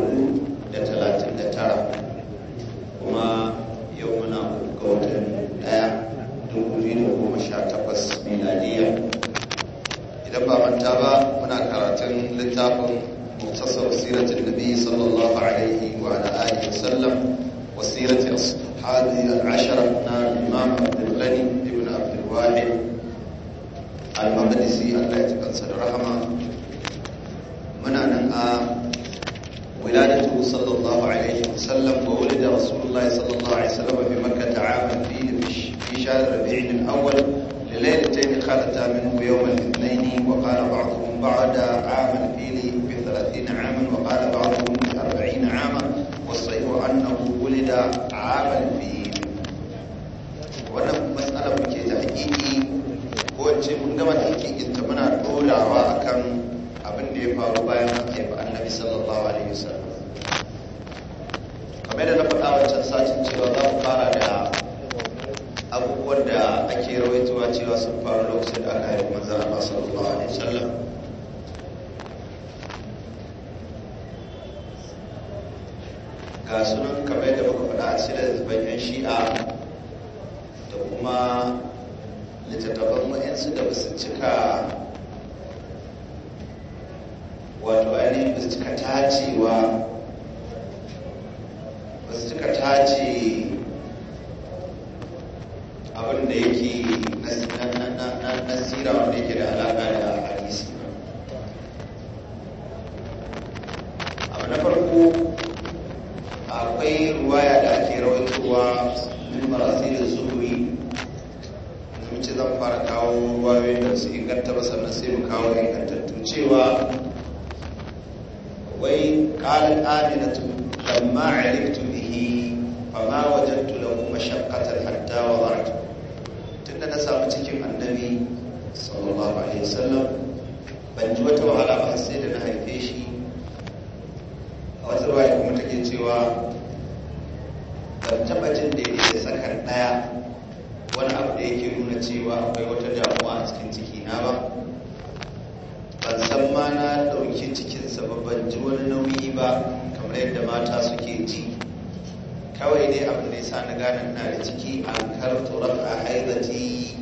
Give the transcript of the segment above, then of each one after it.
Amen. na sira wanda yake da alaƙa da hadisi abu na farko akwai ruwaya da ake rawaitowa min marasirin zuhuri wuce zan fara kawo ruwayoyin da su inganta ba sannan sai mu kawo ingantattun cewa wai kala aminatu lamma alimtu bihi fama wajattu lahu mashaqqatan hatta wada'tu samu cikin annabi sallallahu alaihi wasallam ban ji wata wahala ba sai da na haife shi a wasu ruwaya kuma take cewa ban taɓa jin da yake sakar ɗaya wani abu da yake nuna cewa akwai wata damuwa a cikin cikina ba ban san ma na ɗauki cikinsa ba ban ji wani nauyi ba kamar yadda mata suke ji kawai dai abin da ya sa na gane ina da ciki an karto a haibati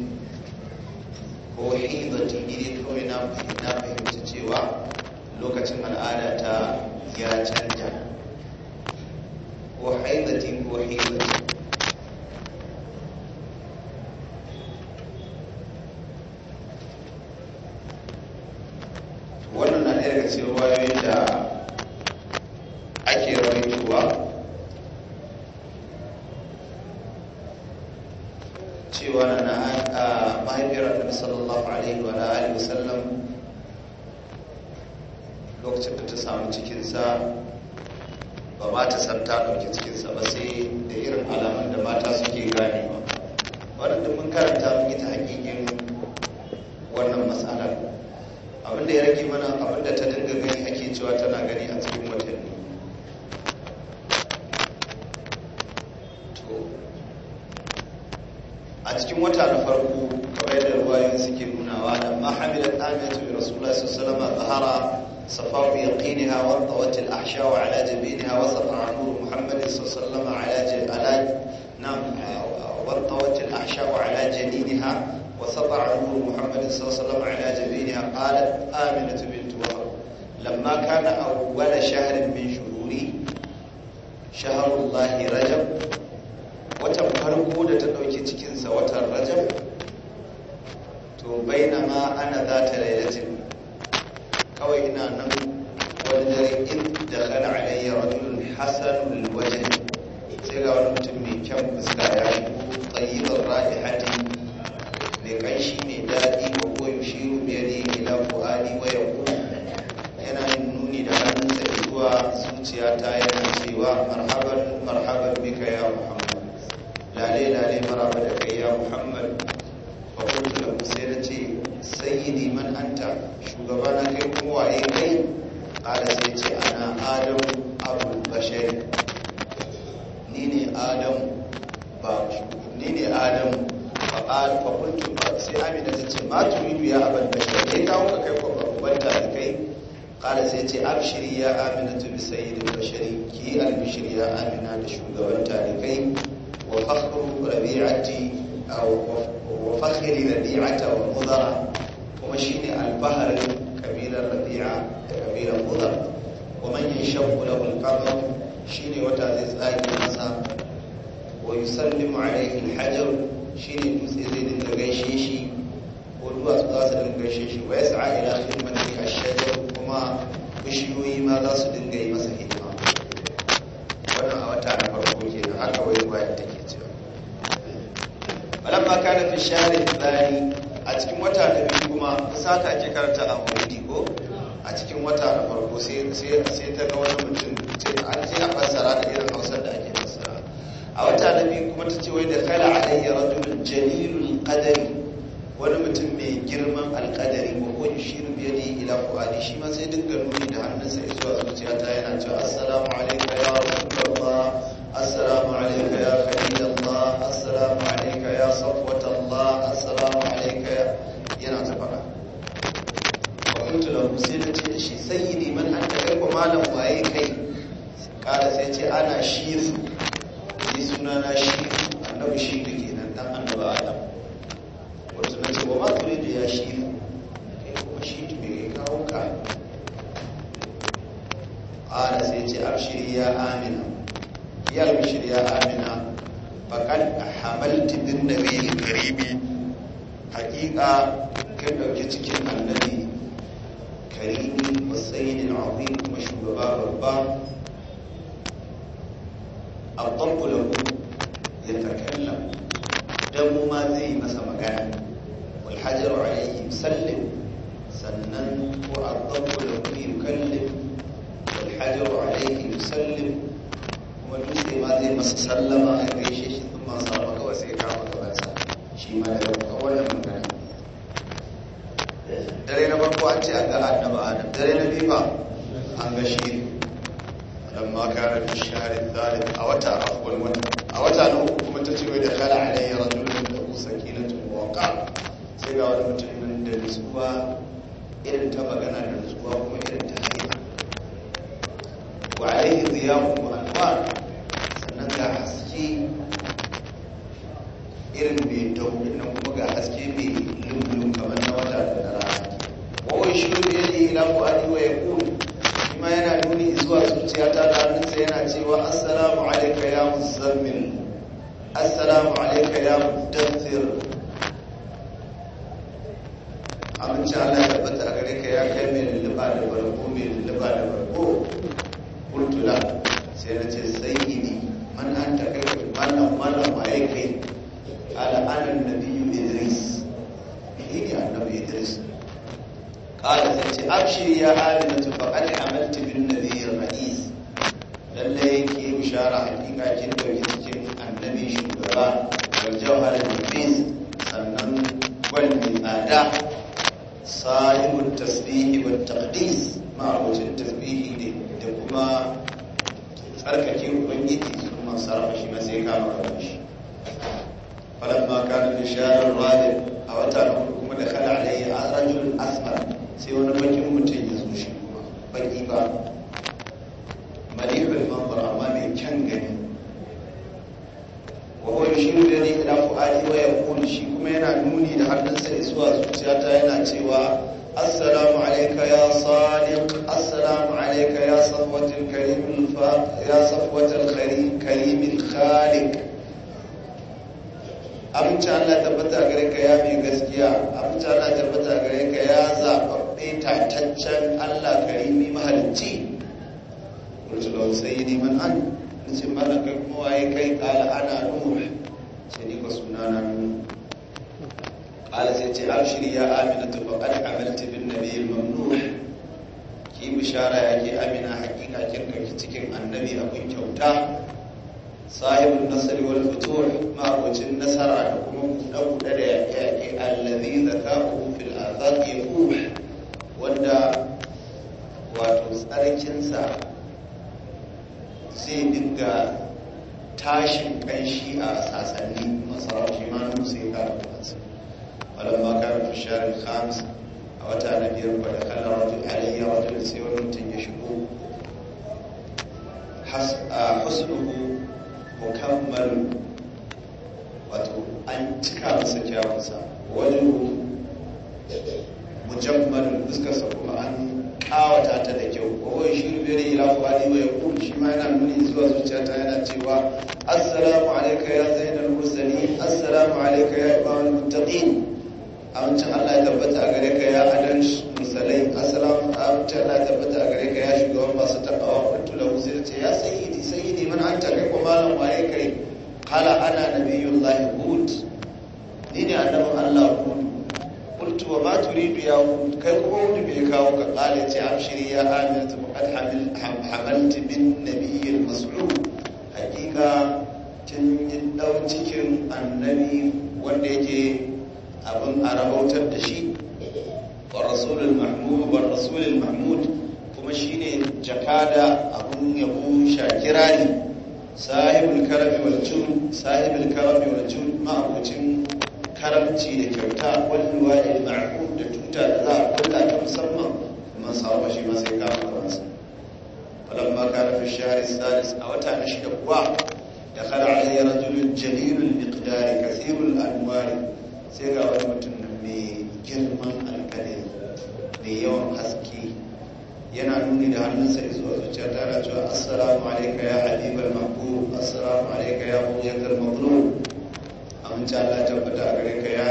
ko haibati gidi kawai na fahimci cewa lokacin al'ada ta ya canja ko haibati ko haibati wannan na ɗaya ga cewa yadda samu cikinsa ba ba ta san ta ɗauki cikinsa ba sai da irin alamun da mata suke ganewa waɗanda mun karanta mun yi ta hakikin wannan matsalar abinda ya rage mana عائشة وعلى جبينها وصف عن محمد صلى الله عليه وسلم على على نعم وارتوت الأحشاء على جنينها وصف عن محمد صلى الله عليه وسلم على جبينها قالت آمنة بنت وهب لما كان أول شهر من شهوري شهر الله رجب وتفرقوا لتنوكي تكنس وترجب to bainama ana za ta lailatin kawai ina nan wanda in da kana alayya rajulun hasanul wajen sai ga wani mutum mai kyan fuska ya shigo tsayibar hati mai kanshi mai daɗi wa ko yushiru bi yadihi ila fuadi wa yaqul yana nuni da hannunsa zuwa zuciya ta yana cewa marhaban marhaban bika ya muhammad lale lale maraba da kai ya muhammad fa qultu lahu sai na ce sayyidi man anta na kai kuma waye kai ƙara sai ce ana adamu abu bashari ni ne adamu ba ni ne adamu ba ƙara fakultu ba sai amina ta ce ma turidu ya abin bashari ne kawo ka kai kwakwabanta da kai ƙara sai ce abshiri ya amina tu bi sayyidin bashari ki albishiri ya amina da shugaban talikai wa fakhru rabi'ati wa fakhri rabi'ata wa mudara kuma shine alfaharin kabilar rabi'a da kabilar mudar wa manyan shafu da hulƙafa shi ne wata zai tsage masa wa yusallimu alaihi hajar shi ne dutse zai dinga gaishe shi ko duwatsu za su dinga gaishe shi wa ya sa'a ila khidmati ashajar kuma bishiyoyi ma za su dinga yi masa hidima wannan a wata na farko kenan haka wai a cikin wata na biyu kuma ta ke karanta a maulidi ko a cikin wata na farko sai ta ga wani mutum ce an ce a fassara da irin hausar da ake fassara a wata na biyu kuma ta ce wai da kala a ɗaya rajulun jalilun kadari wani mutum mai girman alkadari ko kun shiru biya ne ila ali shi ma sai dinga nuni da hannunsa zuwa zuciya ta yana cewa assalamu alaikum ya rasulullah السلام عليك يا خليل الله السلام عليك يا صفوة الله السلام عليك يا fara wakuntu da sai na ce da shi sayyidi man an ta kai malam waye kai kada sai ce ana shifu ni suna na shifu annabi shi da ke nan dan annabi adam wato ce ya shifu kai kuma shi kawo amina yar shirya amina faƙar a hamaltin din na rili karibi haƙiƙa kai ɗauki cikin annabi karibi matsayi da na'azi kuma shugaba babba a ɓangular ku ya tarkalla don mu ma zai masa magana والحجر عليه يسلم سنن وعظم لكل يكلم والحجر عليه يسلم wani ne ma zai masa sallama a gaishe shi sun ma sa wasu ya kama da wasa. shi ma da ɗauka wannan magana dare na farko an ce an ga annaba adam dare na biyu ba an ga shi dan ma kana fi shahri thalith a wata afwan wata a wata na uku kuma ta ce wai da kala alayya rajulun da usakinatu wa qala sai ga wani mutum da nutsuwa irin ta magana da nutsuwa kuma irin Waye alaihi ziyafu wa sannan ga haske irin mai tahu nan kuma ga haske mai lumbulun kamar na wata da rana wawai shi ne ya yi ila ƙwari wa ya kuma yana nuni zuwa zuciya ta da yana cewa assalamu alaika ya musammin assalamu alaika ya Allah ya tabbata a gare ka ya kai mai lullaba da barko mai lullaba da barko kultula sai na ce sayyidi man an ta kai wannan wannan ma ya kai ala anan nabiyyu idris shi ne annabi idris kala sai ce abshiri ya aminatu faqad amaltu bin nabiyyi ra'is lalle yake bishara hakika kin dauki cikin annabi shugaba wal jawhar nabiyyi sannan gwal mai tsada sahibul tasbih wal taqdis ma'abucin tasbihi বা السلام عليك يا صفوة الكريم يا صفوة الكريم الخالق amince Allah tabbata ka ya mai gaskiya amince Allah tabbata ka ya mahalicci kulci da wasu yi an nace mana kai kuma waye kai kala ana nuhu ce ni suna na nuhu kala sai ya amina yi bishara ya ke amina hakika kin cikin annabi abin kyauta sahibin nasari wal fitur ma'abocin nasara da kuma buɗe buɗe da yaƙe yaƙe allazi zakahu fil azaq yahu wanda wato tsarkinsa zai dinga tashin ƙanshi a sasanni masarauci ma sai ya karu da masu walamma karu fi sharin khamsa a wata na biyar ba da kala wajen aliyya wajen sai wani mutum ya shigo husnuhu mukammal wato an cika masa kyawunsa wani mujammal fuskarsa kuma an kawata ta da kyau kowai shiru bere ila fuhari wa yaqul shi ma yana nuni zuwa ta yana cewa assalamu alayka ya zainal mursalin assalamu alayka ya ibadul muttaqin amincin Allah ya tabbata a gare ka ya adan musalai assalamu amincin Allah ya tabbata a gare ka ya shugaban masu takawa kuntu da ku sai ce ya sayyidi sayyidi man anta kai kuma malam waye kai kala ana lahi hud ni ne annabin Allah hud qultu wa ma turidu ya hud kai ko hud bai kawo ka kala ce amshiri ya aminatu qad hamalti bin nabiyil mas'ud hakika tun yin cikin annabi wanda yake abin a rabautar da shi wa rasulul mahmud wa rasulul mahmud kuma shine jakada abun yabo Shakirani, sahibul karami wal jud sahibul karami wal jud ma'abucin karamci da kyauta wal luwa'il ma'qud da tuta da za a kula ta musamman kuma sawa shi ma sai ka kansa falamma kana fi shahr salis a wata na shida kuwa dakhala alayya rajulun jalilul miqdari kathirul anwari sai ga wani mutum mai girman alkalin mai yawan haske yana nuni da hannunsa zuwa zuciya tara cewa assalamu alaika ya habibar maku assalamu alaika ya buyatar mazlum amince Allah tabbata a gare ka ya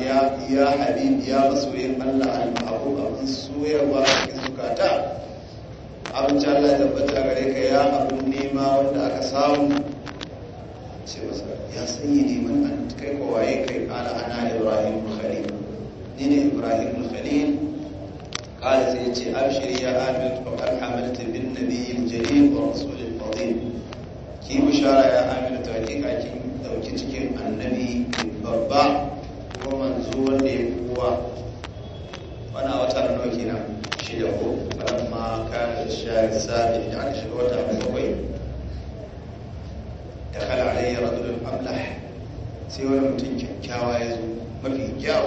ya ya habib ya masoyin Allah al-mahabu abin soyarwa a cikin zukata amince Allah tabbata a gare ka ya abu nema wanda aka samu ce masa ya sanyi ne wannan kai ko waye kai kala ana ibrahim khalil ni ne ibrahim khalil kala sai ce abshir ya amir fa qad hamalat bin nabiyil jalil wa rasulil fadil ki bishara ya amir ta ka ki dauki cikin annabi babba ko manzo wanda ya kowa wana wata nawa kenan shida ko falamma kana shahid sabi da aka shiga wata bakwai دخل علي رجل أملح سوى المتن كاوائز مفي جاو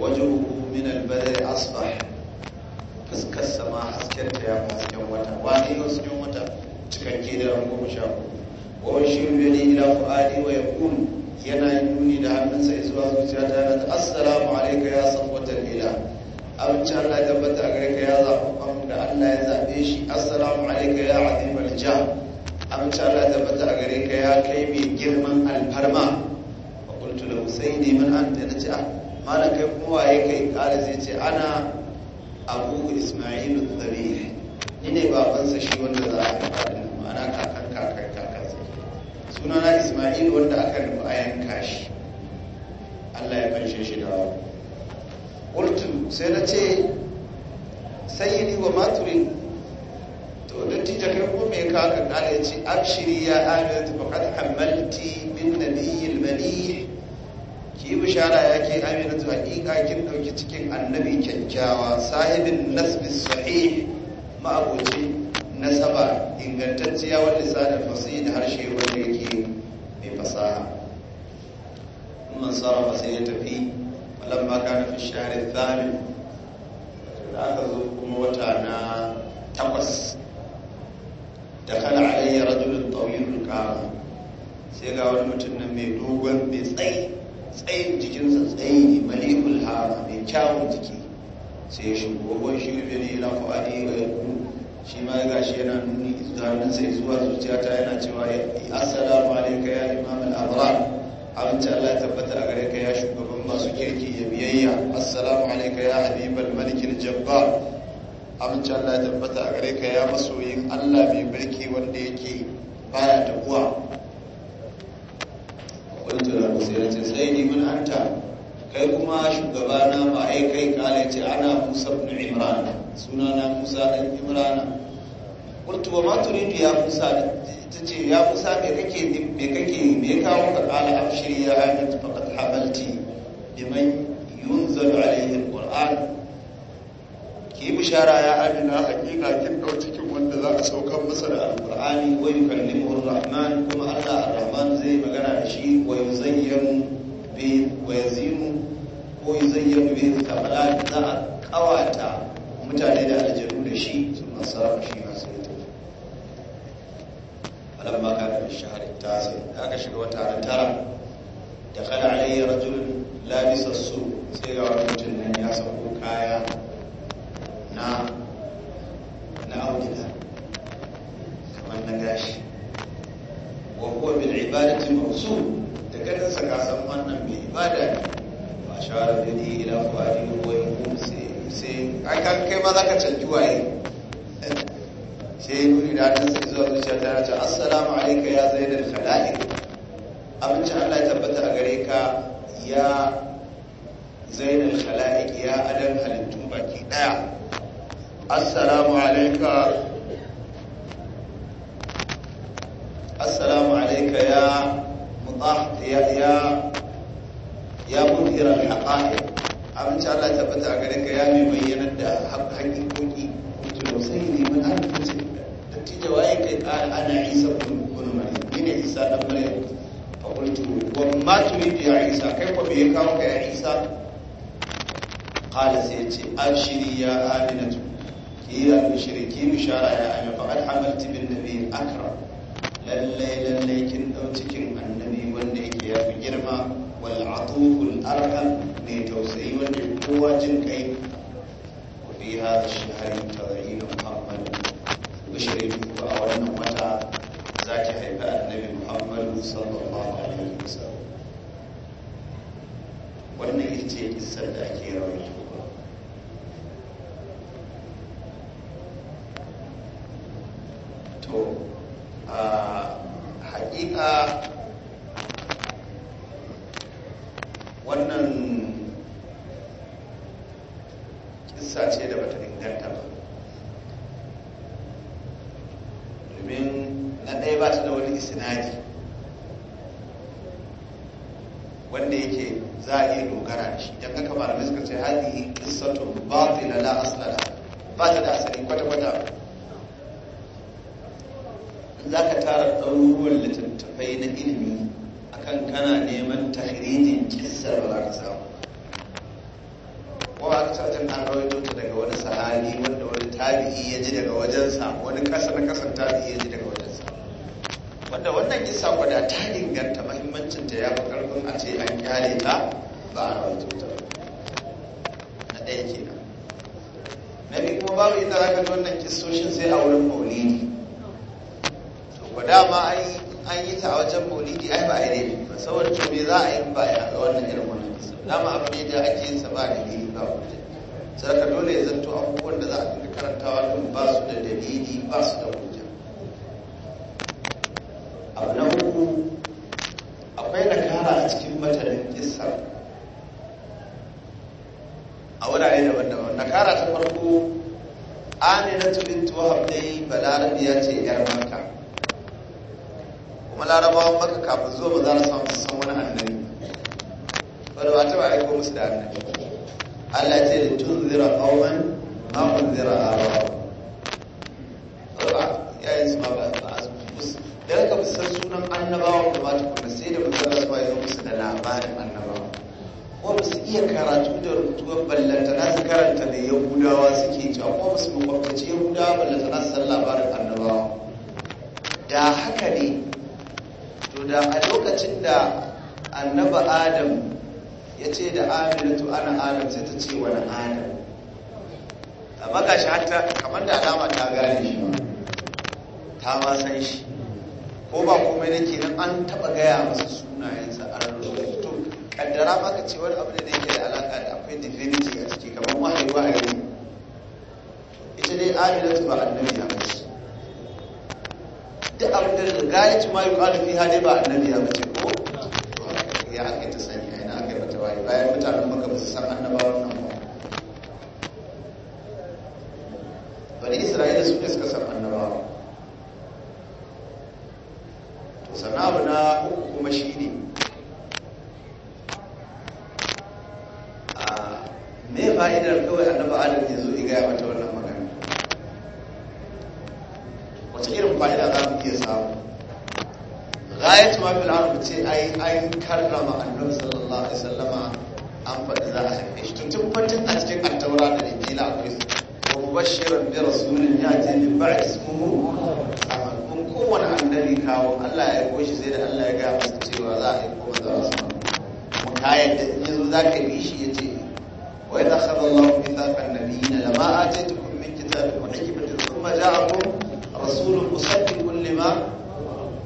وجهه من البدر أصبح فسك السماء أسكر يا فسك وطا وانيه سنو وطا تكن جيدا رمو مشاو ووشيو إلى فؤادي ويقول ينا يموني دعم من سيسوا سيسوا السلام عليك يا صفوة الإله أبتش الله يتبت أغريك يا ذا أم أن لا يزعبيش السلام عليك يا عظيم الجام amince da tabbata a gare ka ya kai mai girman alfarma a kultu da sai ne min an tana ce ah malam kai kuma waye kai kala zai ce ana abu ismailu zari ni ne babansa shi wanda za a kafa da ma'ana kakan kakan kakan suna na ismailu wanda aka rufe a yanka shi Allah ya fanshe shi da wa kultu sai na ce ni wa maturin to dattijo kai ko me ka ka kala ya ce abshiri ya amina faqad hamalti bin nabiyil malih ki yi bishara ya ke amina zuwa hakika kin dauki cikin annabi kyakkyawa sahibin nasbi sahih ma'abuci nasaba ingantacciya wanda sanar fasihi da harshe wanda yake mai fasaha man sarrafa sai ya tafi falamma kana fi shahri thamin da aka zo kuma wata na takwas dakala alayya rajulun tawilul kama sai ga wani mutum nan mai dogon mai tsayi tsayin jikinsa tsayi ne malikul hama mai kyawun jiki sai shi shigo shi ne ne ila fuadi wa yakun shi ma ya gashi yana nuni zanen sai zuwa zuciya ta yana cewa ya assalamu alayka ya imam al-abrar abinci Allah ya tabbata a gare ka ya shugaban masu kirki ya biyayya assalamu alaikum ya habibal malik al-jabbar amincin Allah ya tabbata a gare ka ya masoyin Allah mai mulki wanda yake baya uwa. wani turar sai ya ce sai ni mun anta kai kuma shugaba na ma ai kai kala ce ana Musa ibn Imran suna na Musa dan Imran qultu wa ma turidu ya Musa ce, ya Musa me kake me kake me kawo ka kala abshir ya hadat faqad hamalti liman yunzalu alayhi alquran yi bishara ya amina hakika kin dau cikin wanda za a saukar masa da alqur'ani wa yukallimuhu arrahman kuma Allah arrahman zai magana da shi wa yuzayyanu bi wa yazinu ko yuzayyanu bi tabala za a kawata mutane da aljanu da shi sun masara shi na sai ta alamma ka da shahar da aka shiga wata tara da kada alayya rajul labisa su sai ga wani mutum nan ya sauko kaya na na auduga kamar na gashi wa huwa bil ibadati masu da kadan saka san wannan mai ibada ne ba shawarar da ne ila kwari wa yakum sai sai ai kan kai ma ka canji waye sai nuni da ta sai zuwa zuciya ta ce assalamu alayka ya zainal khalaiq abincin Allah ya tabbata a gare ka ya zainal khalaiq ya adam halittun baki daya assalamu alaika assalamu alaika ya mutahhiya ya ya mudhir al-haqa'iq amince Allah ya tabbata a gare ka ya mai bayyana da haƙƙin koki mutum sai ne mun an fice da tijawaye kai ƙara ana isa kun kun mai ne isa dan mare fa qultu wa ma turidu ya isa kai ko me kawo ka ya isa qala sai ya ce abshiri ya aminatu ila mushrikin shara ya ayu fa kad hamalti bin nabi akra lallai lallai kin dau cikin annabi wanda yake ya fi girma wal atuful arham ne tausayi wanda kowa jin kai fi hada shahri tawain muhammad mushrikin ku a wannan wata zaki haifa annabi muhammad sallallahu alaihi wasallam wannan ita ce kissar da ake rawaita a wurare daban-daban nakara ta farko Amina aminatu bint wahab dai ya ce yar makka kuma larabawan maka kafin zuwa ba za su samu san wani annabi ba da ba ba aiko musu da annabi Allah ce da tun zira qauman ma kun zira abawa ba yayin su ma ba su musu da ka san sunan annabawan da ba ta kuma sai da manzon Allah ya musu da labarin annabawan ko ba su iya karatu da rubutuwar ballantana su karanta da yahudawa suke cewa ko ba su makwabtaci yahudawa ballantana su san labarin annabawa da haka ne to da a lokacin da annaba adam ya ce da aminatu ana adam sai ta ce wani adam amma ga shi hatta kamar da alama ta gane shi ta ba san shi ko ba komai nake nan an taba gaya masa sunayen kaddara maka ce wani abu da yake da alaka da akwai divinity a ciki kamar wahayi wahayi ita dai amilatu ba annabi ya mace duk abin da ci mayu kwanu fi hade ba annabi ya mace ko ya aka ta sani a yana aka mata wahayi bayan mutanen maka ba su san annabawan nan ba Wani isra'ila su ne suka san annabawa to abu na uku kuma ne. me fa'idar kawai annabi adam ya zo iga mata wannan magana wace irin fa'ida za mu iya samu gayatu ma fil arab ce ai ai karrama annabi sallallahu alaihi wasallama an faɗi za a haife shi tun tun fatin a cikin attaura da injila akwai su wa mubashiran bi rasulin ya ji bi ba'i ismuhu amal kun kowane annabi kawo Allah ya aiko shi sai da Allah ya ga masa cewa za a aiko manzo Allah mu kayan da yanzu zaka bi shi ya yace وإذا أخذ الله ميثاق النبيين لما آتيتكم من كتاب وحكمة ثم جاءكم رسول مصدق لما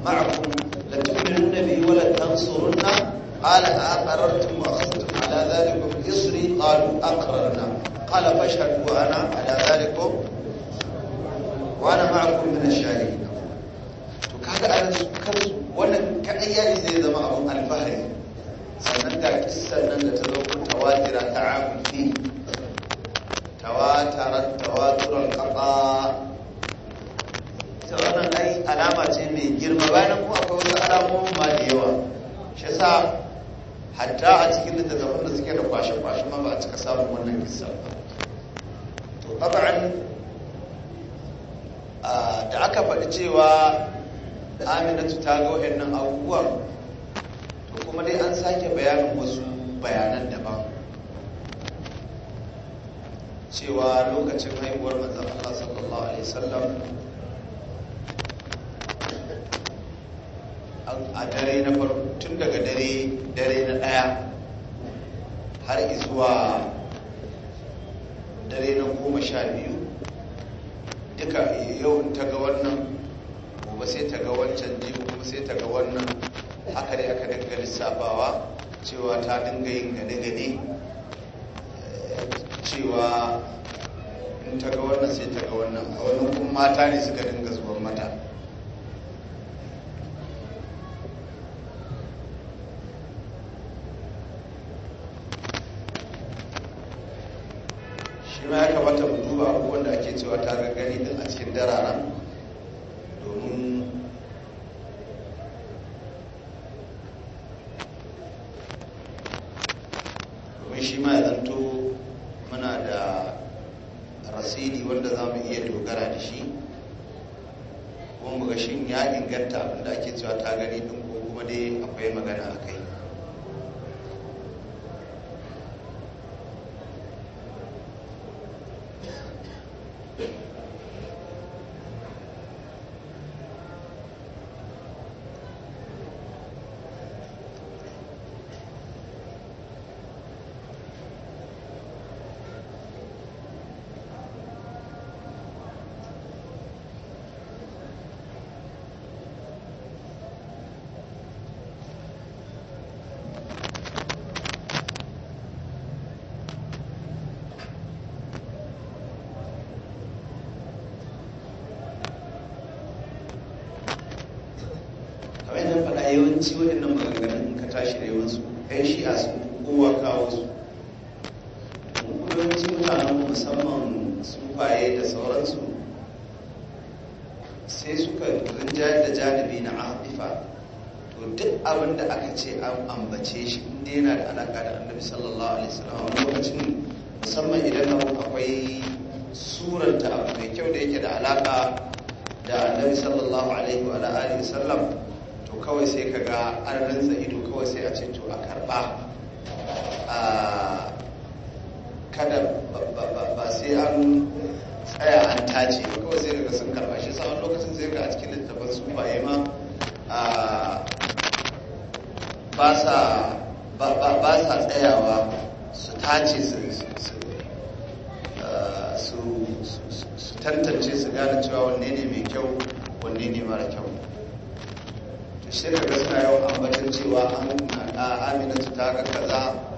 معكم لتؤمنن به ولتنصرنه قال أقررتم وأخذتم على ذلكم إصري قالوا أقررنا قال فاشهدوا وأنا على ذلكم وأنا معكم من الشاهدين وكذا أنا سكرت وأنا كأيام زي زمان الفهري sannan ga kissan nan da ta zo kun tawajira ta abufi tawatarar tawaturan kafa ita wannan ai alama ce mai girma bayan kuma akwai wasu alamomin ma da yawa shi sa hatta a cikin littattafan da suke da kwashe-kwashe ma ba a cika samun wannan kissan ba to taba'an ah, da aka faɗi cewa aminatu ta ga wa'annan abubuwan kuma dai an sake bayanin wasu bayanan daban cewa lokacin haihuwar manzan Allah sallallahu alaihi wasallam a dare na farko tun daga dare dare na daya har izuwa dare na goma sha biyu duka yau ta ga wannan gobe sai ta ga wancan jibi kuma sai ta ga wannan haka dai aka dinga lissafawa cewa ta dinga yin gane-gane eh, cewa in ta ga wannan sai ta ga wannan a wani kuma mata ne suka dinga zuban mata shi ma ya kamata mu duba abubuwan da ake cewa ta gani din a cikin dararen domin yawanci waɗannan maganganun ka tashi da yawansu ɗan shi'a su kowa kawo su yawanci mutanen musamman sufaye da sauransu sai suka rinjayar da janibi na afifa to duk abin da aka ce an ambace shi inda yana da alaka da annabi sallallahu alaihi wasallam sai an tsaya an tace kawai sai daga sun karba shi sa'an lokacin sai ga a cikin littafin su baye ma ba sa tsayawa su tace su tantance su gane cewa wanne ne mai kyau wanne ne mara kyau to shi daga suna yawan ambatan cewa aminatu ta ga kaza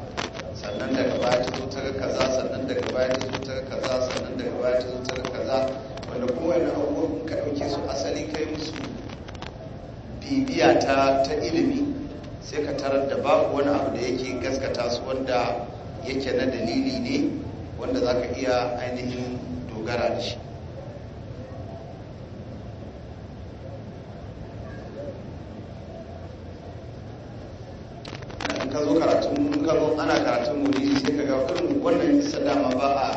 sannan daga baya ta zo ta ga kaza sannan daga baya ta zo ta ga kaza sannan daga baya ta zo ta ga kaza wanda kowane abubuwan ka ɗauke su asali kai musu bibiya ta ta ilimi sai ka tarar da babu wani abu da yake gaskata su wanda yake na dalili ne wanda za ka iya ainihin dogara da shi wannan isa dama ba a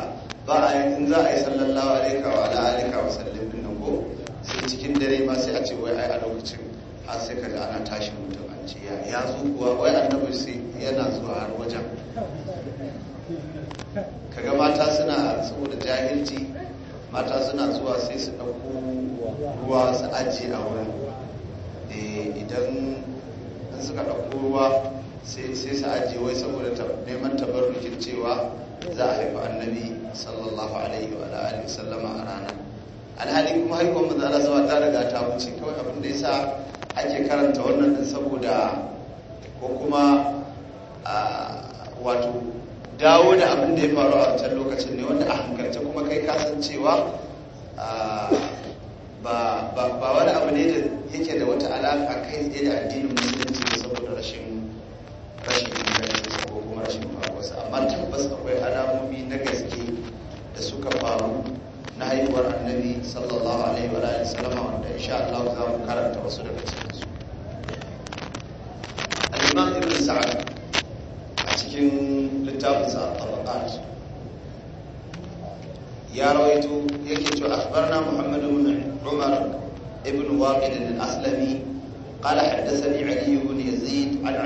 ba a in za a yi sallallahu alaika wa ala alika wa din nan ko sai cikin dare ma sai a ce wai ai a lokacin har sai kaga ana tashi mutum an ce ya zo kuwa wai annabi sai yana zuwa har wajen kaga mata suna saboda jahilci mata suna zuwa sai su ɗauko ruwa su ajiye a wurin eh, idan suka ɗauko ruwa sai sa ajiye wai saboda neman tabarrukin cewa za a haifi annabi sallallahu alaihi wa alihi sallama a rana alhali kuma mu za a zuwa ta daga ta wuce kawai abin da yasa ake karanta wannan din saboda ko kuma wato dawo da abin da ya faru a wancan lokacin ne wanda a hankalce kuma kai kasancewa ba wani abu ne da yake da wata alaka kai tsaye da addinin musulunci saboda rashin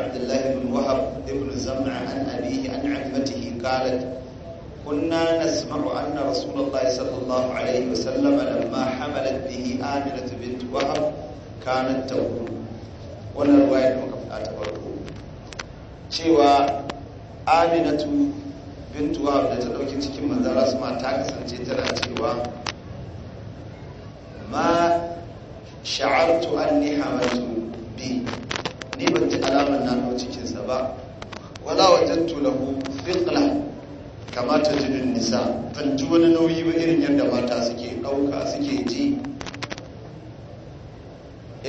عبد الله بن وهب بن زمع عن أبيه عن عمته قالت كنا نسمع أن رسول الله صلى الله عليه وسلم لما حملت به آمنة بنت وهب كانت تقول wannan ruwa ya muka faɗa ta farko cewa aminatu bintu wahab da ta ɗauki cikin manzara su ma ta kasance tana cewa ma sha'artu an ni bi ni ban ci alamar nano cikinsa ba wala wajattu lahu fiqla kama tajidun nisa ban ji wani nauyi ba irin yadda mata suke ɗauka suke ji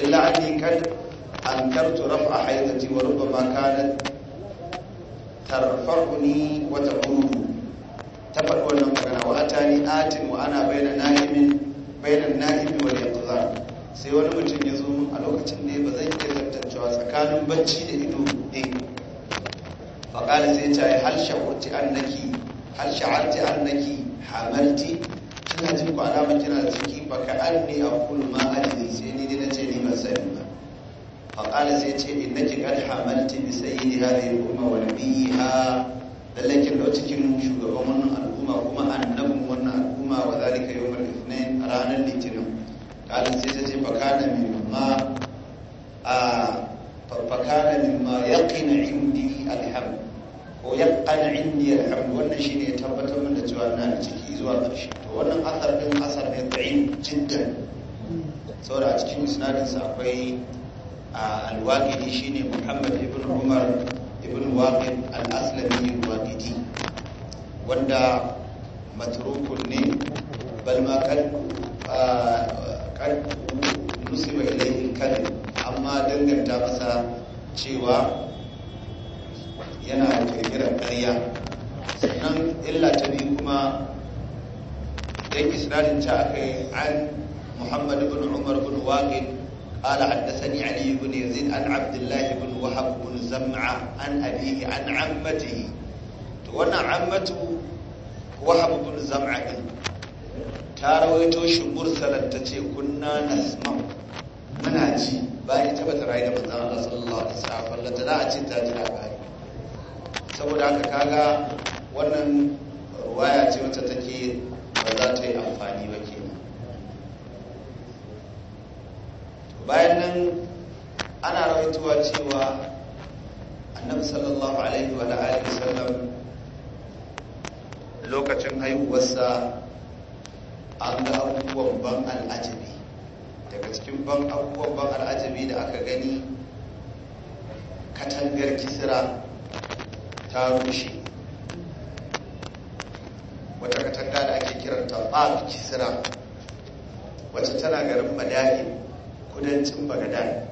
illa anni kad ankartu raf'a haidati wa rubbama kanat tarfa'uni wa tamuru ta faɗi wannan magana wa atani atin wa ana bayyana na'imin bayyana na'imin wa yaqzan sai wani mutum ya zo a lokacin da ba zan iya cewa tsakanin bacci da ido ne faƙala zai ta yi hal sha'urti annaki hal annaki hamarti kina jin ku alamar kina da ciki ba ka a kulu ma ajiye sai ni dina ce ni ba sani ba faƙala zai ce innaki qad hamalti bi sayyidi hadhihi ya kuma wani biyi ha kin da cikin shugaban wannan al'umma kuma annabin wannan al'umma wa zalika yau ithnain ranar litinin kalin sai ta ce fa kana min فكان مما يقن عندي الحمد ko yaqan indi alhamd wannan shi ne tabbatar min da cewa ina da ciki zuwa ƙarshe to wannan asar din asar ne da'in jiddan saboda a cikin isnadin sa akwai al-waqidi shine Muhammad ibn Umar ibn Waqid al-Aslami al-Waqidi wanda matrukun ne bal ma kan kan musiba ilayhi kadhib amma danganta masa cewa yana da kirkirar ƙarya sannan illa ta biyu kuma dan isnadin ta aka yi an muhammad bin umar bin waqid قال حدثني علي بن يزيد عن عبد الله بن وهب بن زمعة عن أبيه عن عمته وانا عمته وهب بن زمعة ta rawaito shi mursalan ta kunna nasma'u Muna ci bayan ita bata rayu da manzon Allah sallallahu alaihi wasallam Allah tana a ci ta ji labari saboda haka kaga wannan waya ce wacce take ba za ta yi amfani ba kenan bayan nan ana rawaituwa cewa annabi sallallahu alaihi wa alihi wasallam lokacin haihuwarsa an ga abubuwan ban al'ajabi daga cikin ban abubuwan ban al'ajabi da aka gani katangar kisira ta rushe wata katanga da ake kiranta bab kisira wacce tana garin madain kudancin bagadan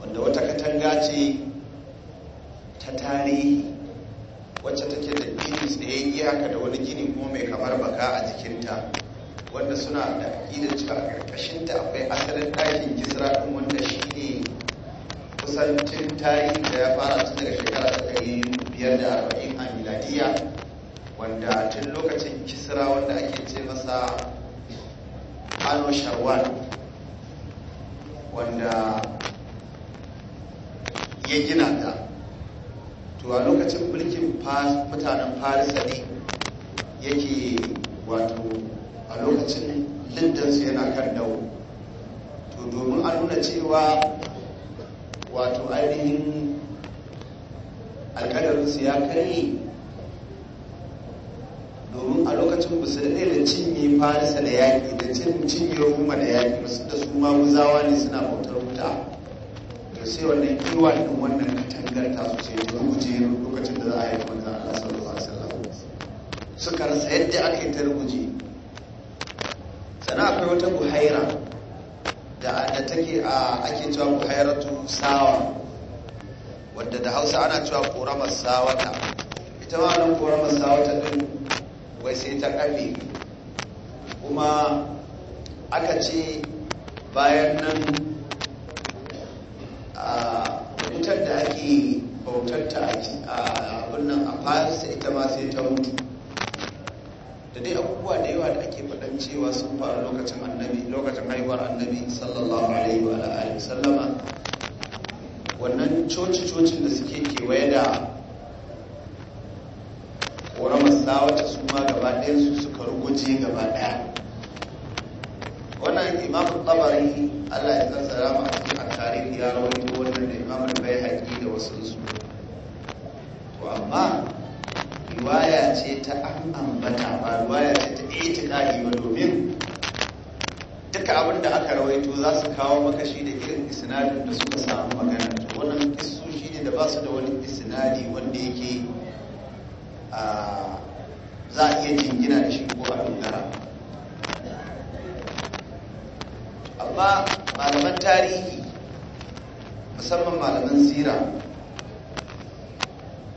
wanda wata katanga ce ta tarihi wacce take da gini tsayayye haka da wani gini kuma mai kamar baka a jikinta wanda suna da aƙidar cewa a ƙarƙashinta akwai asalin ɗakin kisra ɗin wanda shi ne kusancin tarihi da ya fara tun daga shekara ta ɗari biyar da arba'in a miladiya wanda tun lokacin kisra wanda ake ce masa ano shawar, wanda ya gina ta to a lokacin mulkin mutanen farisa ne yake wato a lokacin liddansu yana kan dawo to domin a nuna cewa wato ainihin alkadarinsu ya kai, domin a lokacin busu da da cinye farisa da yaƙi da cinye roma da yaƙi musu da su maguzawa ne suna bautar wuta da sai wannan kiwa ɗin wannan katangar ta su sai don guje lokacin da za a yi manzan Allah a alaihi wasallam suka rasa yadda aka yi ta ruguje sannan akwai wata buhaira da take a ake cewa buhairatu sawa wadda da hausa ana cewa koramar sawata ita ma nan koramar sawata din wai sai ta kafe kuma aka ce bayan nan a wutar da ake bautar ta a abin nan a faris ita ma sai ta mutu da dai abubuwa da yawa da ake faɗan cewa sun faru lokacin annabi lokacin haihuwar annabi sallallahu alaihi wa alihi sallama wannan coci-cocin da suke kewaye da ƙoramar wacce su ma gaba ɗaya su suka ruguje gaba ɗaya wannan imam tabari allah ya san salama a cikin tarihi ya rawaito wannan da imam bai haƙi da wasu su to amma riwaya ce ta ambata ba riwaya ce ta itikadi ba domin duka abin da aka rawaito za su kawo maka shi da irin isnadin da suka samu magana wannan shi ne da ba su da wani isnadi wanda yake za a iya jingina da shi ko a dogara amma malaman tarihi musamman malaman sira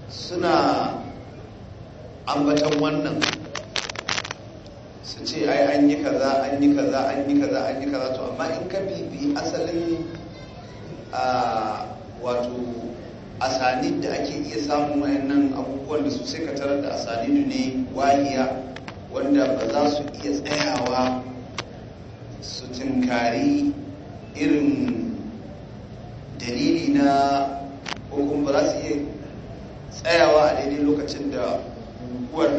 suna an ambatan wannan su ce ai an yi kaza an yi kaza an yi kaza an yi kaza to amma in ka bibi asalin wato asanin da ake iya samun wayannan abubuwan da su sai ka tarar da asaninu ne wahiya wanda ba za su iya tsayawa su tinkari irin dalili na hukum ba za su iya tsayawa a daidai lokacin da guguwar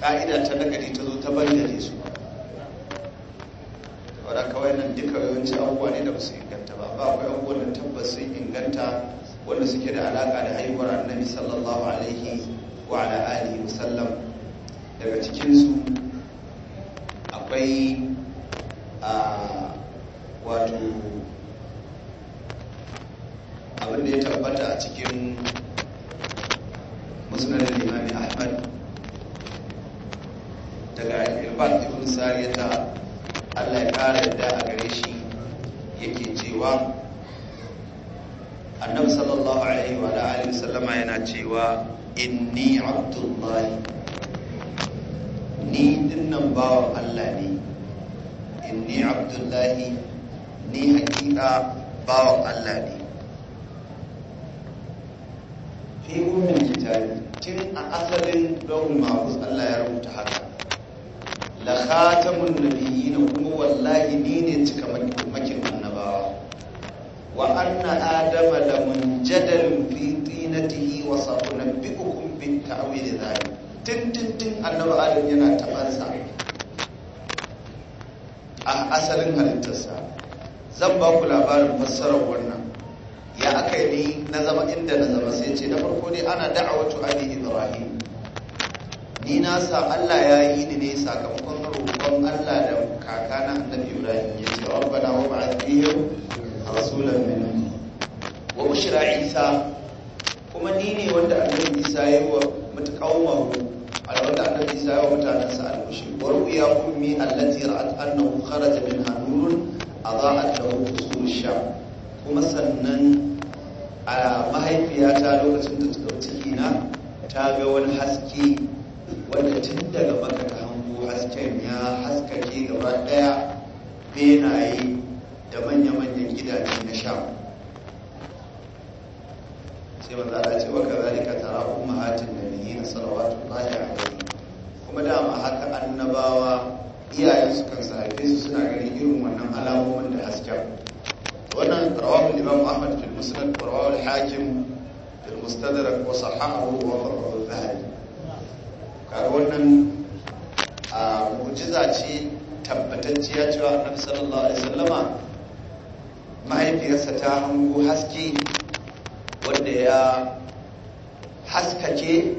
ka'ida ta nagari ta zo ta bayyane su wadda kawai nan duka yawanci abubuwa ne da ba su inganta ba ba kawai abubuwa da tabbas sun inganta wanda suke da alaka da haihuwar annabi sallallahu alaihi wa ala alihi daga cikinsu akwai a wato abin da ya tabbata a cikin musnadin imami ahmad abbas ibn sariyata allah ya kara yadda a gare shi yake cewa annabi sallallahu alaihi wa alihi sallama yana cewa inni abdullahi ni dinnan bawan allah ne inni abdullahi ni hakika bawan allah ne fi ummin kitabi tun a asalin lawul mahfuz allah ya rubuta haka la khatamun nabiyyin kuma wallahi ni ne cika makin annabawa wa anna adama la munjadalun fi tinatihi wa sanunabbiukum bi ta'wili dhalik tin tin tin annabi adam yana tabansa a asalin halittarsa zan ba ku labarin fassarar wannan ya aka yi na zama inda na zama sai ce na farko ne ana da'awatu ali ibrahim ni na sa Allah ya yi ni ne sakamakon roƙon Allah da kaka na annabi Ibrahim ya ce bana wa ba'ath fihim rasulan minhum wa bushra Isa kuma ni ne wanda annabi Isa ya yi wa mutaqawmahu ala wanda annabi Isa ya wa mutanansa al-bushra wa ru'ya ummi allati ra'at annahu kharaja minha nurun adaa'at lahu usul sham kuma sannan a mahaifiyata lokacin da ta ciki na ta ga wani haske wanda tun daga makaka hasken ya haskake gaba daya benaye da manya-manyan gidaje na sham sai maza da ce waka zalika tara kuma hatin da biyi na salawatu lahi a kuma dama haka annabawa iyayen su kan haife su suna ganin irin wannan alamomin da hasken wannan rawahu imam ahmad fil musnad wa rawahu al-hakim fil mustadrak wa sahahahu wa rawahu al-zahabi wannan a mu'jiza ce tabbatacciya cewa annabi sallallahu alaihi wasallama mahaifiyarsa ta hango haske wanda ya haskake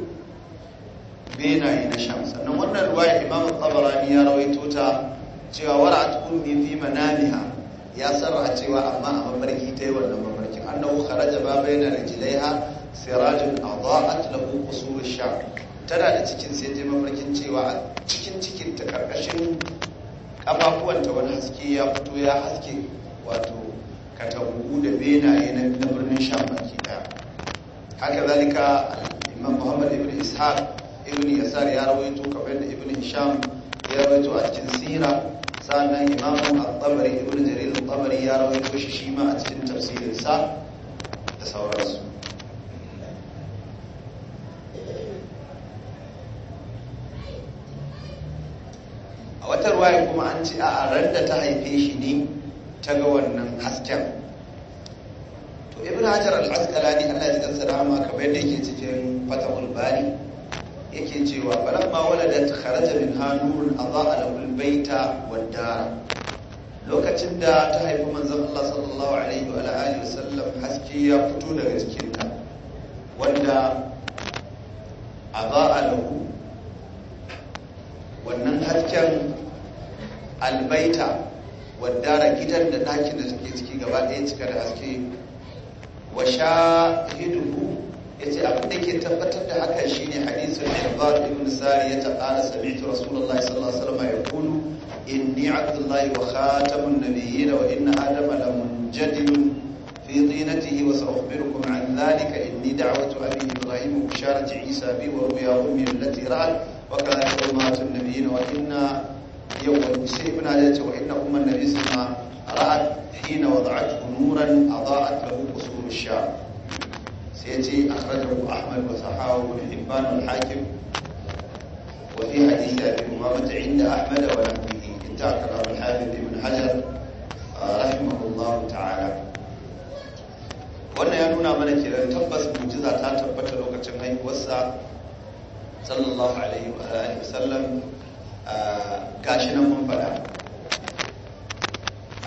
benaye na sham sannan wannan ruwaya imam tabarani ya rawaito ta cewa wara'at ummi fi manamiha ya sarra cewa amma a mamarki ta yi wannan mamarkin annahu kharaja ba bayna rijlaiha sirajun adaa'at lahu qusur ash-sham tana da cikin sai je mafarkin cewa cikin cikin ta karkashin kafafuwanta wani haske ya fito ya haske wato katangu da benaye na birnin sham baki daya haka zalika imam muhammad ibn ishaq ibn yasar ya rawaito kamar da ibn hisham ya rawaito a cikin sira sannan imam al-tabari ibn jarir al-tabari ya rawaito shi shi ma a cikin tafsirinsa da sauransu wata ruwaya kuma an ce a ran da ta haife shi ne ta ga wannan hasken to ibn hajar al-asqalani Allah ya tsara ma kamar yadda yake cikin fatahul bari yake cewa falamma waladat kharaja min hanurun adaa lahu baita wad dar lokacin da ta haifi manzon Allah sallallahu alaihi wa alihi wasallam haske ya fito daga cikinta wanda adaa lahu wannan harken albaita wadda gidan da ɗakin da suke ciki gaba ɗaya cika da haske wa shahiduhu yace abin da ke tabbatar da haka shine hadisin Abbas ibn Sari ya ta'ala sami'tu Rasulullahi sallallahu alaihi wasallam yaqulu inni Abdullahi wa khatamun nabiyyin wa inna adama la munjadilun fi zinatihi wa sa'ukhbirukum an dhalika inni da'watu abi Ibrahim wa bisharati Isa bi wa ruya ummi allati ra'at wakana ya kuma tun nabi yi wa ina yau wani shi muna da cewa ina kuma nabi su ma ra'ad hina wa za'ad da buku su rusha sai ce a kajar ku ahmad wa sahawa wa hibban al-hakim wa fi hadisi a fi ma mace inda ahmad wa nabi in ta kara al-hajar ibn hajar rahimahullahu ta'ala wannan ya nuna mana kiran tabbas mujiza ta tabbata lokacin haihuwarsa sallallahu alaihi wa alihi wasallam gashi nan mun faɗa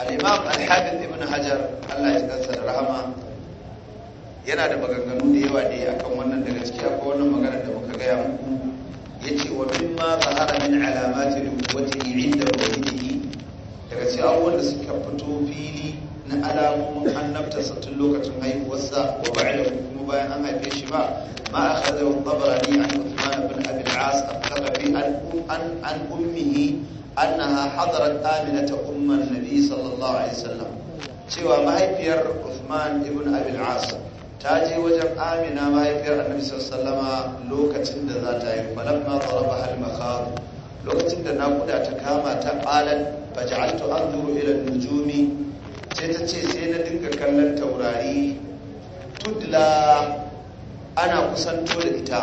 al-imam al-hafiz ibn hajar Allah ya kansa da rahama yana da maganganu da yawa da akan wannan daga gaskiya ko wannan magana da muka gaya muku yace wa mimma zahara min alamati nubuwwatihi inda wajidihi daga cikin abubuwan da suka fito fili na alamomin annabtarsa tun lokacin haihuwarsa wa ba'da kuma bayan an haife shi ba ma akhadha al-tabarani an Uthman ibn Abi al-As al-Qarabi an an ummihi annaha hadarat Aminata umman Nabi sallallahu alaihi wasallam cewa mahaifiyar Uthman ibn Abi al-As ta je wajen Amina mahaifiyar Annabi sallallahu alaihi lokacin da za ta yi falamma tarabaha al-makhab lokacin da nakuda ta kama ta qalat faj'altu anzuru ila an-nujumi sai ta ce sai na dinga kallon taurari tudla ana kusanto da ita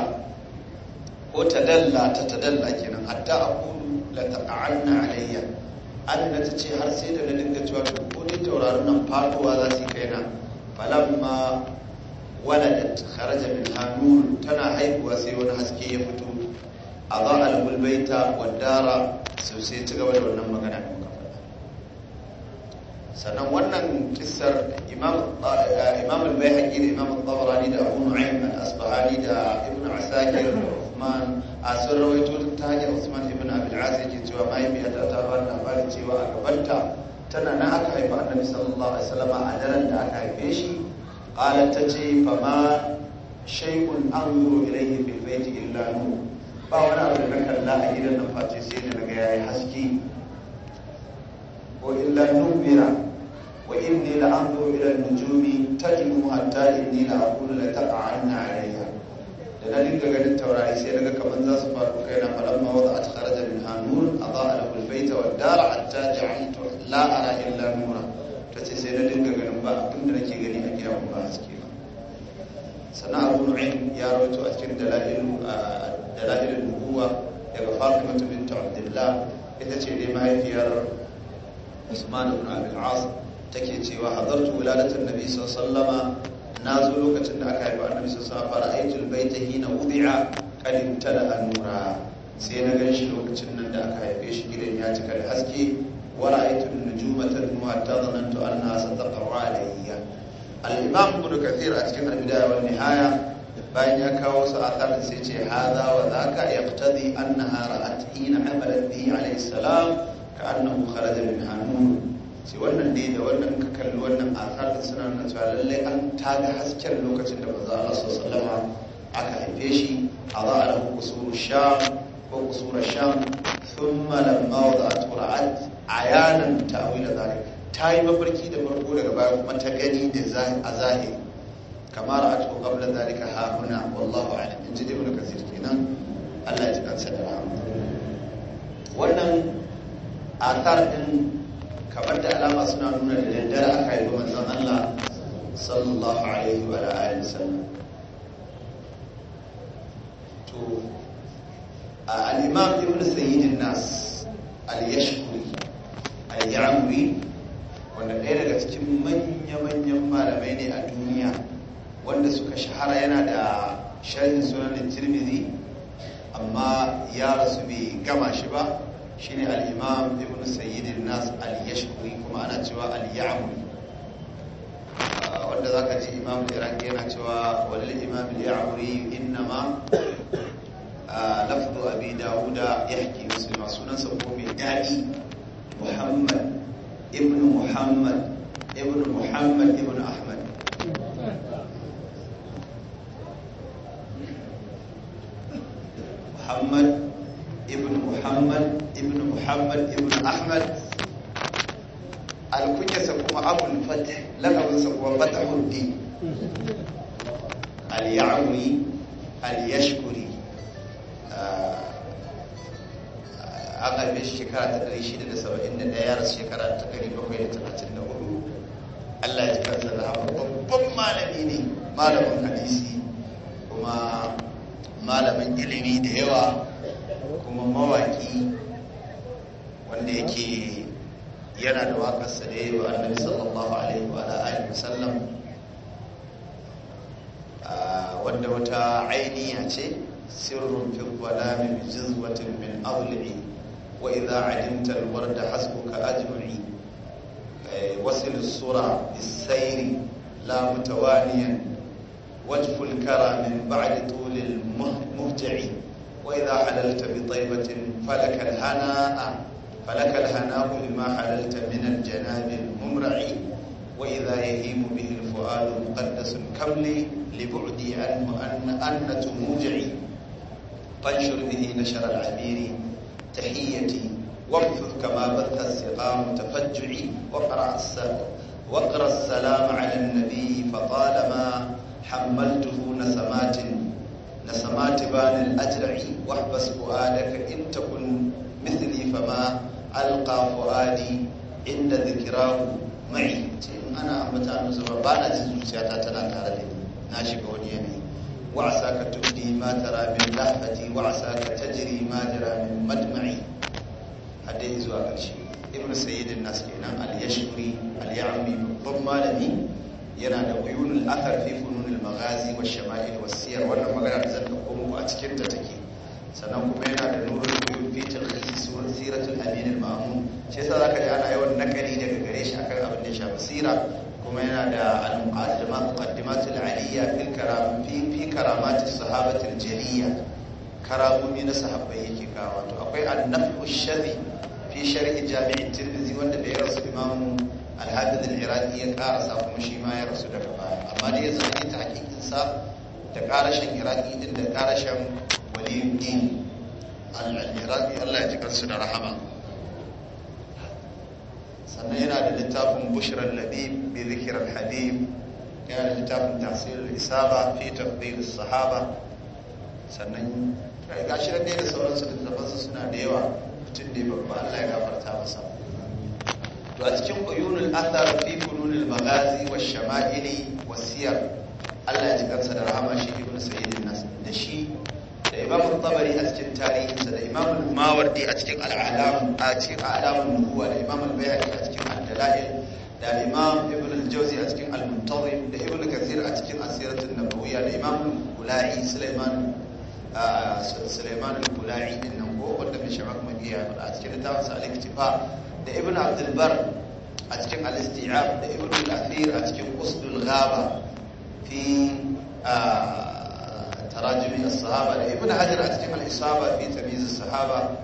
ko ta dalla ta ta dalla kenan hatta aqulu la ta'anna alayya anna ta ce har sai da na dinga cewa to ko dai taurarin nan faduwa za su kai na falamma waladat kharaja min hanur tana haihuwa sai wani haske ya fito a za'al mulbaita wa dara sai ci gaba da wannan magana sannan wannan kisar eh, imam al-bayhaqi da imam al-tabarani da abu nu'aym al-asbahani da ibn asakir da usman a sun rawaito ta hanyar usman ibn abi al-as yake cewa mahaifiyata ta ba labarin cewa a gabanta tana na aka haifa annabi sallallahu alaihi wasallam a daren da aka haife shi qalat ta ce fa ma shay'un anzuru ilayhi fil bayti illa nur ba wani abu da na kalla a gidan nan face sai da naga yayi haske ko illa nubira وإني لأنظر إلى النجوم تجم حتى إني لأقول لتقعن عليها da na dinga ganin taurari sai daga kaman za su faru kai na falan ma wada at kharaja min hanur adaa lahu albayta wad dar hatta ja'altu la ara illa nura tace sai na dinga ganin ba abin da nake gani a gidan ba haske ba sana abu nu'aym ya rawaito a cikin dalail dalail nubuwa daga fatima bint abdullah ita ce dai mahaifiyar usman ibn abul as take cewa hadartu wiladatin nabi sallama na zo lokacin da aka haifa annabi sallama fara aitul baita hina wudi'a kadin da nura sai na gan shi lokacin nan da aka haife shi gidan ya cika da haske wala aitul nujuma tadmuha tadanantu annaha sataqarra alayya al-imam ibn kathir a cikin al-bidaya wal nihaya bayan ya kawo su a tsarin sai ce haza wa za ka yaqtadi annaha ra'at hina hamalat bi alayhi salam ka annahu kharaja min hanun ce wannan ne da wannan ka kalli wannan asarin suna nuna cewa lallai an taga hasken lokacin da manzo Allah sallallahu aka haife shi a za a lahu kusuru sham ko kusura sham thumma lamma wada'atu ra'at ayanan ta'wila zalik ta yi mafarki da farko daga baya kuma ta gani da a zahiri kama ra'atu qabla zalika ha huna wallahu a'lam in ji ibnu kasir kenan Allah ya ji kansa da rahama wannan athar din kamar da alama suna nuna da daddare aka haifi manzon Allah sallallahu alaihi wa alihi sallam to al-imam ibn sayyidin nas al-yashkuri al-ya'muri wanda ɗaya daga cikin manya-manyan malamai ne a duniya wanda suka shahara yana da sharhin sunanin tirmidhi amma ya rasu bai gama shi ba shine al-imam ibn Sayyidin nas al-yashkuri kuma ana cewa al-ya'muri wanda za ka ji imam al-iraqi yana cewa wal imam al-ya'muri innama lafdu abi dauda yahki muslima sunan sa ko mai dadi muhammad ibn muhammad ibn muhammad ibn ahmad muhammad ibn muhammad ibn muhammad ibn ahmad alkunyarsa kuma abul fath lakabinsa kuma fatahul din al-ya'wi al-yashkuri ah, an haife shi shekara ta 671 ya rasu shekara ta 734 Allah ya kansa da haka babban malami ne malamin hadisi kuma malamin ilimi da yawa kuma mawaki wanda yake yana da waƙarsa da yi wa annabi sallallahu alaihi wa alihi wasallam ah, wanda wata ainiya ce sirrun fi balami jizwatin min abli wa idza da alwarda hasbuka ajma'i eh, Wasu as-sura bis-sayri min ba'di tul al وإذا حللت بطيبة فلك الهناء فلك الهناء بما حللت من الجناب الممرع وإذا يهيم به الفؤاد مقدس كملي لبعدي عنه أن أنة موجعي فانشر به نشر العبير تحيتي وانفذ كما بث السقام تفجعي وقرع واقرأ السلام على النبي فطالما حملته نسمات Da samati banin ajra'i wahbas fu'adaka in takun mithli fama alqa fu'adi inda ku. mai ce in ana ambata an zuba ba na jin zuciyata tana tare da na shiga wani yanayi wa a ka tuɗi ma tara min lahfati wa a sa ka tajri ma jira min madma'i dai zuwa ƙarshe ibn sayyidin nas kenan al-yashkuri al babban malami yana da uyunul athar fi fununil maghazi wa shama'il wa siyar wannan magana da zan dauko muku a cikin ta take sannan kuma yana da nurul uyun fi talhis wa siratul amin al ma'mun shi yasa zaka ji ana yawan nakali daga gare shi akan abin da ya shafi sira kuma yana da al muqaddimat al aliyya fil karam fi fi karamat as sahabat al jaliyya karamumi na sahabbai yake kawo. wato akwai an nafu fi sharhi jami' tirmidhi wanda da ya rasu imamu alhafiz al-iraqi ya karasa kuma shi ma ya rasu daga baya amma dai yanzu ake ta hakikin sa da karashin iraqi din da karashin waliyun din al-iraqi Allah ya ji kansu da rahama sannan yana da littafin bushirar al-labib bi dhikr al-habib yana da littafin tafsir isaba fi tafsir as-sahaba sannan gashi da sauransu littafansu suna da yawa mutum ne babba Allah ya gafarta masa to a cikin uyunul athar fi fununil magazi wa shama'ili wa siyar Allah ya ji kansa da rahama shi ibnu sayyidin nas da shi da imam tabari a cikin tarihinsa da imam mawardi a cikin al'alam a cikin alamun nubuwa da imam al-bayhaqi a cikin al dalail da imam ibn al-jawzi a cikin al-muntazim da ibn kathir a cikin asiratun nabawiyya da imam al-kulai sulaiman sulaiman al-kulai din nan ko wanda mai shabak magiya a cikin littafin sa al-iktifa da ibn abdulbar a cikin al-isti'ab da ibn al-athir a cikin usdul ghaba fi tarajumi as-sahaba da ibn hajar a cikin al-isaba fi tamyiz as-sahaba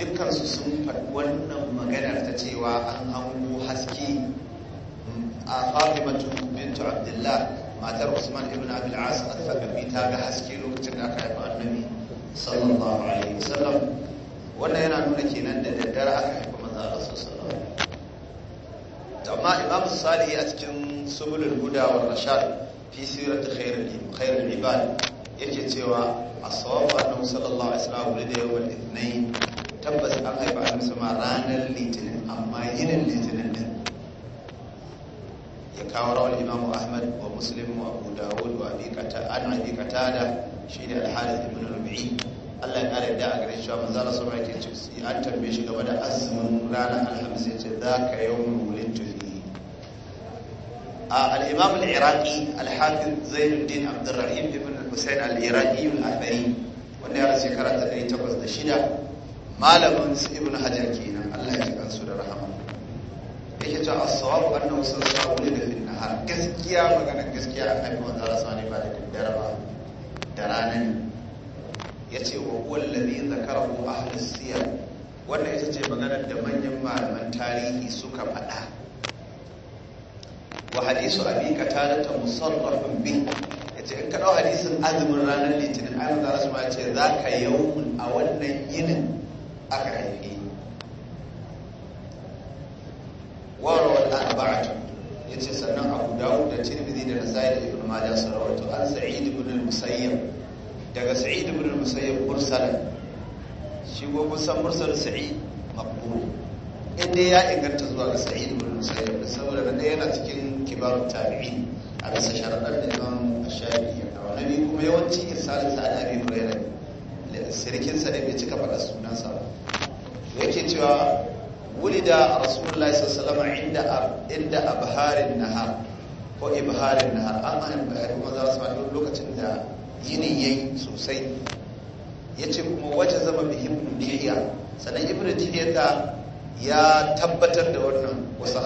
dukkan su sun faɗi wannan maganar ta cewa an hango haske a fatimatu bintu abdullah matar usman ibn abil as al-thaqafi ta ga haske lokacin da aka haifa annabi sallallahu alaihi wasallam wannan yana nuna kenan da daddare aka haifa manzan Allah sallallahu alaihi amma Imam Salihi a cikin Subulul Huda wa Rashad fi sirat khairul ibad yake cewa as-sawabu annahu sallallahu alaihi wasallam wulida yawmal ithnain tabbas an haifa annabi sama ranar litinin amma yinin litinin din ya kawo rawar imamu ahmad wa muslim wa abu dawud wa abi qatada an abi qatada shi da al-harith ibn rabi'i Allah ya kare da a gare shi manzo Allah sama yake ce an tambaye shi game da azumin ranar alhamis ya ce za ka yawmul wulidtu fi al-imam al-iraqi al-hafiz Zainuddin Abdurrahim ibn Hussein al-Iraqi al-Ahbari wanda ya rasu shekara ta 1806 malamin su ibn Hajar kenan Allah ya ji su da rahama yake cewa as-sawabu annahu sallallahu alaihi wa har gaskiya magana gaskiya annabi manzo Allah sama ne ba da daddare ba da rana ne ya ce wa wallabi zakarahu a siyar wannan ita ce maganar da manyan malaman tarihi suka faɗa wa hadisu abi qatada ta musarrafin bi yace in ka dau hadisin azumin ranar litinin ai manzo Allah subhanahu ce ka yawmun a wannan yinin aka haife wa rawal ya ce sannan Abu Dawud da Tirmidhi da Nasa'i da Ibn Majah sun an Sa'id ibn al-Musayyib daga sa'id ibn musayyib mursal shi ko kusan mursal sa'id maqbul inda ya inganta zuwa ga sa'id ibn musayyib saboda da yana cikin kibarut tabi'in a bisa sharadar da imam shafi'i ya kawo nabi kuma yawanci irsalin sa da abi hurairah sirkin sa da bai cika faɗa sunan sa yake cewa wulida rasulullahi sallallahu alaihi wasallam inda abharin nahar ko ibharin nahar an an bayar maza su lokacin da yini yayi sosai ya ce kuma wace zama muhimmin dihiya sannan ibnu tihiyata ya tabbatar da wannan wasu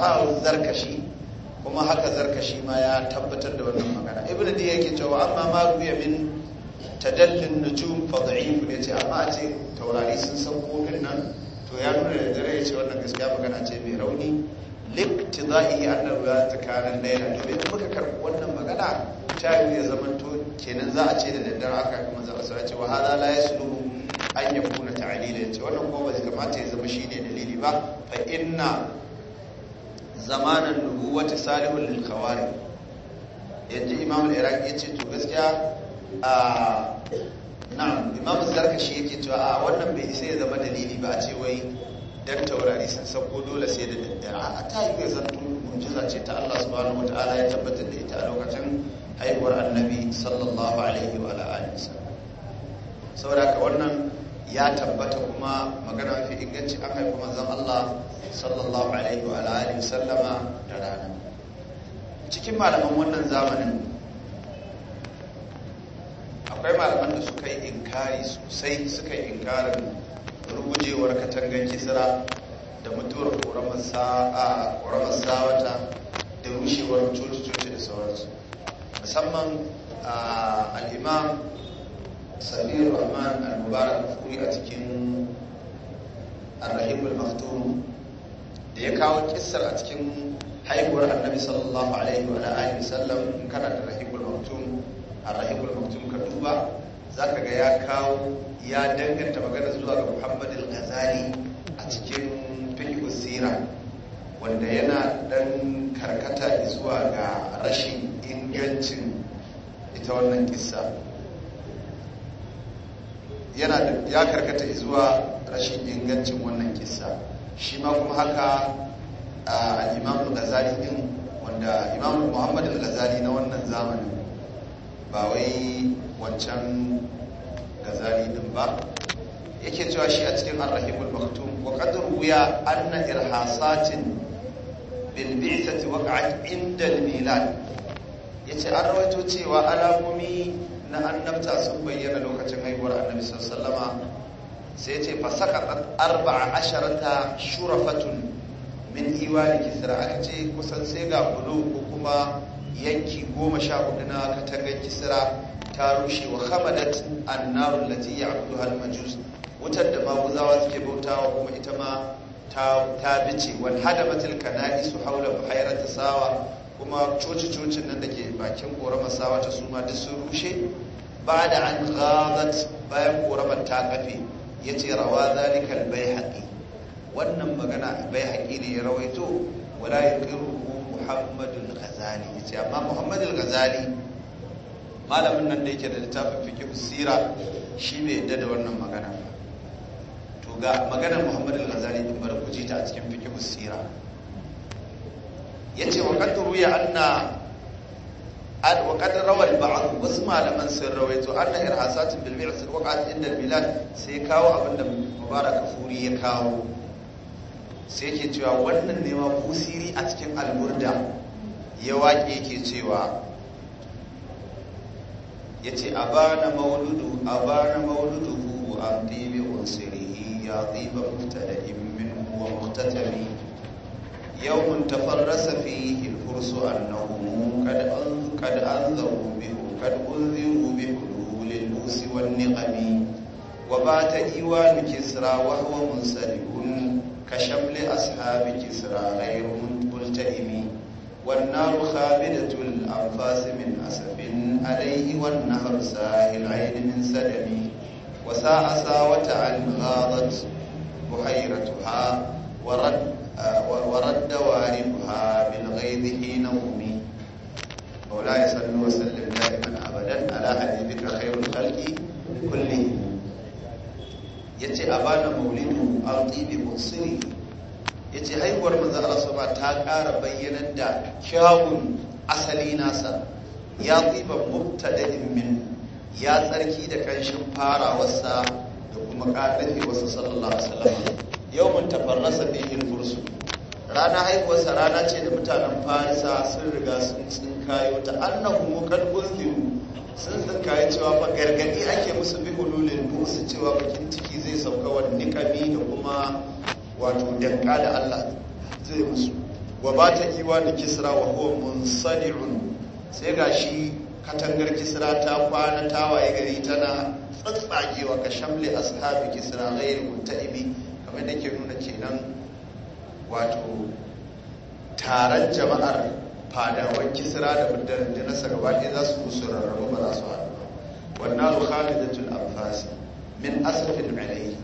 zarkashi kuma haka zarkashi ma ya tabbatar da wannan magana ibnu dihiya yake cewa amma ma rubiya min tadallin nujum fa da'if ce amma a ce taurari sun san kofin nan to ya nuna da dare ce wannan gaskiya magana ce mai rauni liktidaihi annahu ya takana laila to bai muka karɓi wannan magana ta ya zama to kenan za a ce da daddare aka kuma manzo Allah ya ce wa hada la yasluhu an yakuna ta'lila ya ce wannan kuma bai kamata ya zama shine dalili ba fa inna zamanan nubuwati salihu lil khawari yanzu imam al-iraqi ya ce to gaskiya a na'am imam shi yake cewa a wannan bai sai ya zama dalili ba a ce wai dan taurari sun sako dole sai da daddare a ta yi zan tun mu'jiza ce ta Allah subhanahu wataala ya tabbatar da ita a lokacin haihuwar annabi sallallahu alaihi wa alihi saboda ka wannan ya tabbata kuma magana mafi inganci an haifu manzon Allah sallallahu alaihi wa sallama da rana cikin malaman wannan zamanin akwai malaman da suka yi inkari sosai suka yi inkarin rugujewar katangan kisra da mutuwar ƙoramar sawata da rushewar coci-coci da sauransu musamman al'imam sabir rahman al-mubarak kuri a cikin al-rahimul maktum da ya kawo kissar a cikin haihuwar annabi sallallahu alaihi wa alihi sallam in kana da rahimul maktum al-rahimul maktum ka duba zaka ga ya kawo ya danganta magana zuwa ga muhammad al-ghazali a cikin fiqh sirah wanda yana dan karkata zuwa ga rashin ingancin ita wannan kissa yana da ya karkata zuwa rashin ingancin wannan kissa shi ma kuma haka a imam al-ghazali din wanda imam muhammad al-ghazali na wannan zamanin ba wai wancan ghazali din ba yake cewa shi a cikin ar-rahimul maktum wa qadru ya anna irhasatin bilbisati waqa'at inda al-milad yace an rawaito cewa alamomi na annabta sun bayyana lokacin haihuwar annabi sallallahu sai yace fa saqatat arba'a asharata shurafatun min iwani kisra aka ce kusan sai ga bulu ko kuma yanki goma sha hudu na katangar kisra ta rushe wa hamadat annaru lati ya al-majus wutar da maguzawa suke bautawa kuma ita ma ta bice wal su hau haula ta sawa kuma coci-cocin nan da ke bakin ƙoramar sawa ta suma duk sun rushe ba da an gazat bayan ƙoramar ta kafe ya ce rawa zalikal bai haƙi wannan magana bai haƙi ne ya rawaito wala ya ƙiru muhammadul ghazali ya ce amma muhammadul ghazali malamin nan da yake da littafin fikin sira shi ne da wannan magana ga maganar Muhammadu al-ghazali din bar ta a cikin fiqh sira yace wa qad ruya anna ad wa qad rawal ba'd wasu malaman sun rawaito anna irhasatin bil bi'th waqa'at inda bilad sai kawo abinda mubarak furi ya kawo sai yake cewa wannan ne ma kusiri a cikin al-murda ya waƙe yake cewa ya ce a abana mauludu hu bana bi an ya tsiba Yau in min huwa muktatami yawmun tafarrasa fihi al-fursu annahum qad qad anzaru bi qad unziru bi qulul nus wal niqami wa bata iwan kisra wa huwa munsalihun ka shamli ashabi kisra ghayrun multaimi والنار خالدة الأنفاس من أسف عليه والنهر ساهل عين من سلمي وساء ساوة الغاضت بحيرتها ورد ورد واربها بالغيظ حين أمي مولاي صلى وسلم دائما أبدا على حبيبك خير الخلق كلهم yace abana maulidu altibi musiri yace haihuwar manzo Allah sama ta ƙara bayyanar da kyawun asali nasa ya tsiba mubtada'in min ya tsarki da kanshin farawarsa da kuma ƙarfe wasu sallallahu alaihi yau mun tafarnasa bihin fursu rana haihuwarsa rana ce da mutanen farisa sun riga sun tsinkayo ta annahu kan uzkiru sun tsinkaye cewa fa gargadi ake musu bi hululin cewa bakin ciki zai sauka wa nikami da kuma wato danka da Allah zai musu wa ba ta iwa da kisra wa huwa munsadi'un sai gashi katangar kisra ta kwana ta waye gari tana tsatsagewa ka shamle ashabi kisra ghayr mutaibi kamar da ke nuna kenan wato taron jama'ar fadawan kisra da da na gaba ɗaya za su musu rarrabu ba za su haɗu ba wannan da tun anfasi min asafin alayhi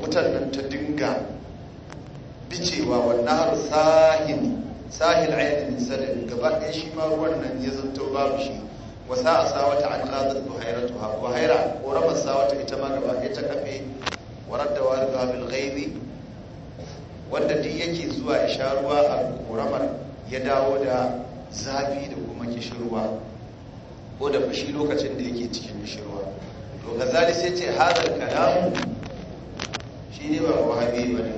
wutan nan ta dinga bicewa wannan har sahin sahil ainihin sadari gaba ɗaya shi ma wannan ya zanto babu shi wa sa'a sawata an qadat buhairatuha buhaira quraba sawata ita ma gaba ita kafe waradda ga bil ghaibi wanda duk yake zuwa ya sha ruwa a ƙoramar ya dawo da zafi da kuma kishirwa ko da fushi lokacin da yake cikin kishirwa to gazali sai ce hadal kalamu shi ne ba wahabi ba ne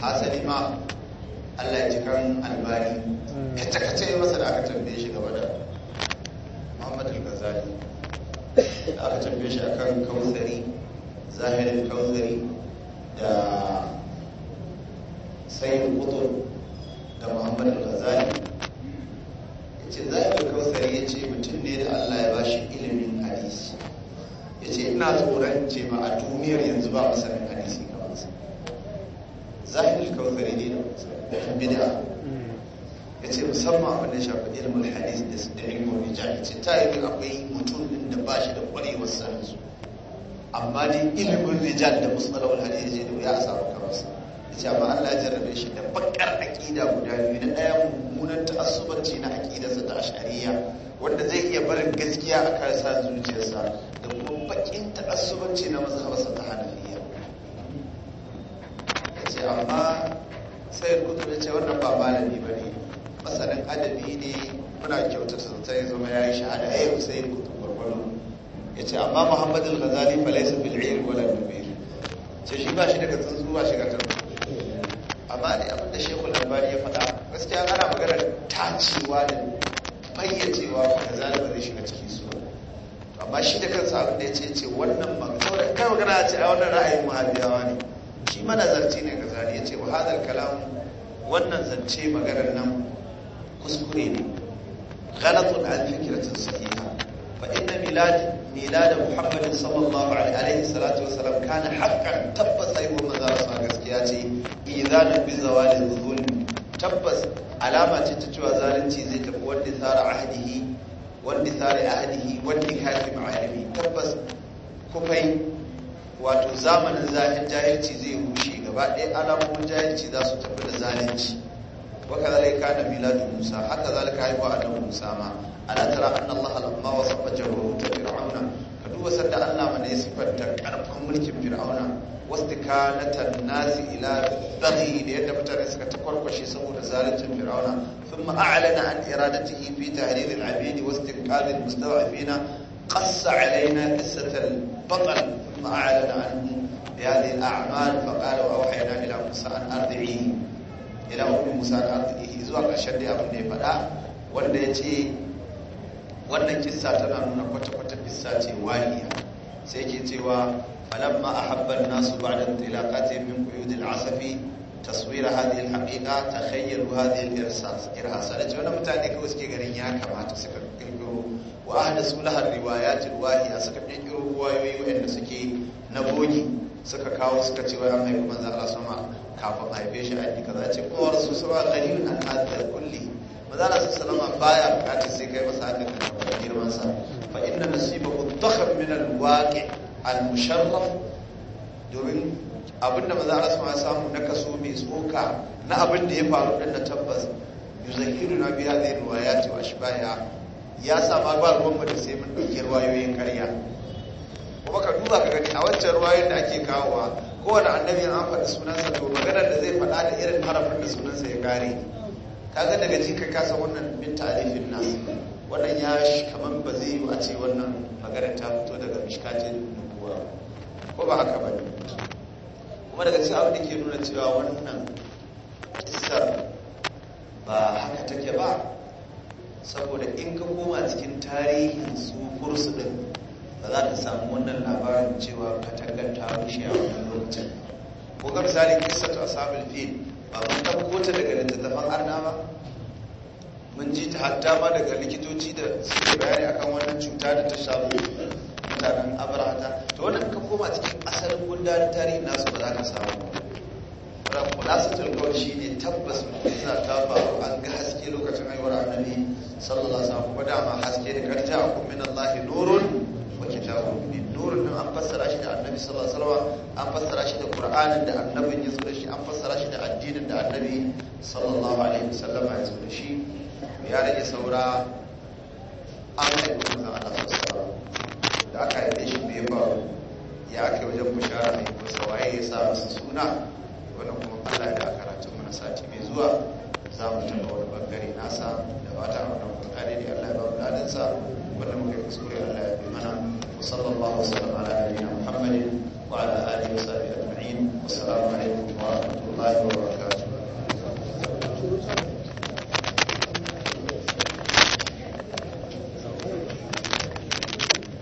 hasali ma Allah ya ji kan albani kace kace masa da aka tambaye shi gaba da misali da aka tambaye shi akan kausari zahirin kausari da sayin kutur da muhammad al-ghazali ya ce zahirin kausari ya ce mutum ne da allah ya bashi ilimin hadisi ya ce ina tsoron ce ma a duniyar yanzu ba masanin hadisi kamar sa zahirin kausari ne da bid'a ya ce musamman abin da shafi ilimin hadis da ilimin hijab ya ce ta yi akwai mutum din da ba shi da kwarewar sanin amma dai ilimin rijal da musalawar hadis ya ce ya a samu kamarsa ya ce amma allah ya jarrabe shi da bakar aƙida guda biyu na ɗaya mummunan ta'assubanci na aƙidarsa ta ashariya wanda zai iya barin gaskiya a kan sa zuciyarsa da kuma bakin ta'assubanci na mazhabarsa ta hanafiya ya ce amma sayar kutu da ce wannan ba malami ba ne masanin adabi ne muna kyauta sosai zama ya yi shahada ya eh, yi husayin kutu gwargwado ya ce amma muhammad al-ghazali fa laysa bil ilm wala nubir ce shi ba shi daga tsuntsu ba shi ga amma ne abin da shekul albani ya faɗa gaskiya ana maganar tacewa da fayyacewa da ba zai shiga cikin su amma shi da kansa abin da ya ce ce wannan magana kai magana a ce a wannan ra'ayin mahaifiyawa ne shi mana manazarci ne gazali ya ce wa hadar kalam wannan zance maganar nan kuskure ne ghalatun an fikratin sahiha fa inna milad milad muhammadin sallallahu alaihi salatu wasallam kana haqqan tabbas ai mu maza sa gaskiya ce idanun bi zawalin zulm tabbas alama ce ta cewa zalunci zai tafi tabbas wato zamanin jahilci zai rushe gaba ɗaya alamomin jahilci za su tafi da zalunci وكذلك كان ميلاد موسى حتى ذلك هو أن موسى ما ألا ترى أن الله لما وصف جبروت فرعون كدوب سد أن من يسفن تكرف ملك فرعون واستكانة الناس إلى بغي لأن بترسك كتقرب شيء سوء رسالة فرعون ثم أعلن عن إرادته في تهريب العبيد واستنقاذ المستضعفين قص علينا قصة البطل ثم أعلن عنه بهذه الأعمال فقال وأوحينا إلى موسى أن أرضعيه ila uku musa da arziki zuwa ƙarshen dai abin da ya faɗa wanda ya ce wannan kissa tana nuna kwata-kwata kissa ce waliya sai ke cewa falamma habban nasu ba'da tilaqati min quyudil asafi taswira hadhihi alhaqiqa takhayyalu hadhihi alirsas irhasa da wannan mutane kawai suke garin ya kamata suka kirkiro wa ahdathu laha riwayat alwahiya suka kirkiro ruwayoyi wanda suke na bogi suka kawo suka ce wai an haifi manzo Allah sama kafin haife shi a yi kaza ce kuma rasu sura qalilun an hadda kulli maza rasu sallama baya bukatar sai kai masa haka kan girman sa fa inna nasibahu dakhab min al-waqi al-musharraf domin abinda maza rasu ma samu na kaso mai tsoka na abin da ya faru din na tabbas yuzahiru na biya zai ce wa baya. ya sa ma ba ruwan mu da sai mun ɗauki ruwayoyin karya kuma ka duba ka gani a wancan ruwayoyin da ake kawowa kowane annabi an faɗi sunansa to magana da zai faɗa da irin harafin da sunansa ya kare kaga daga jika kasa wannan bin ta'rifin nas wannan ya kaman ba zai yi a wannan maganar ta fito daga mishkatin nubuwa ko ba haka ne? kuma daga cikin abin ke nuna cewa wannan kisar ba haka take ba saboda in ka koma cikin tarihin su kursu din ba za ta samu wannan labarin cewa katangar ta rushe a wannan lokacin ko ga misali kisa ta asabul fil ba mun ɗauko ta daga littattafan arna ba mun ji ta hatta ma daga likitoci da suke bayani akan wannan cuta da ta shafi mutanen abrahata to wannan ka koma cikin asalin gundarin tarihi nasu ba za ka samu ba kulasatul shi ne tabbas mu'jiza ta faru an ga haske lokacin aiwar annabi sallallahu alaihi wasallam kuma dama haske da karja akum min allahi nurun wa kitabu mubin nurin nan an fassara shi da annabi sallallahu alaihi wasallam an fassara shi da qur'anin da annabi, ya zo shi an fassara shi da addinin da annabi sallallahu alaihi wasallam ya zo da shi ya rage saura an kai wannan Allah sallallahu da aka yi shi bai ba ya aka wajen bushara a yi masa waye ya sa masa suna wannan kuma Allah da karatu mana sati mai zuwa za mu taɓa wani bangare nasa da ba ta wannan mutane ne Allah ya ba mu ladansa ولم يذكر الا بمنع وصلى الله وسلم على نبينا محمد وعلى اله وصحبه اجمعين والسلام عليكم ورحمه الله وبركاته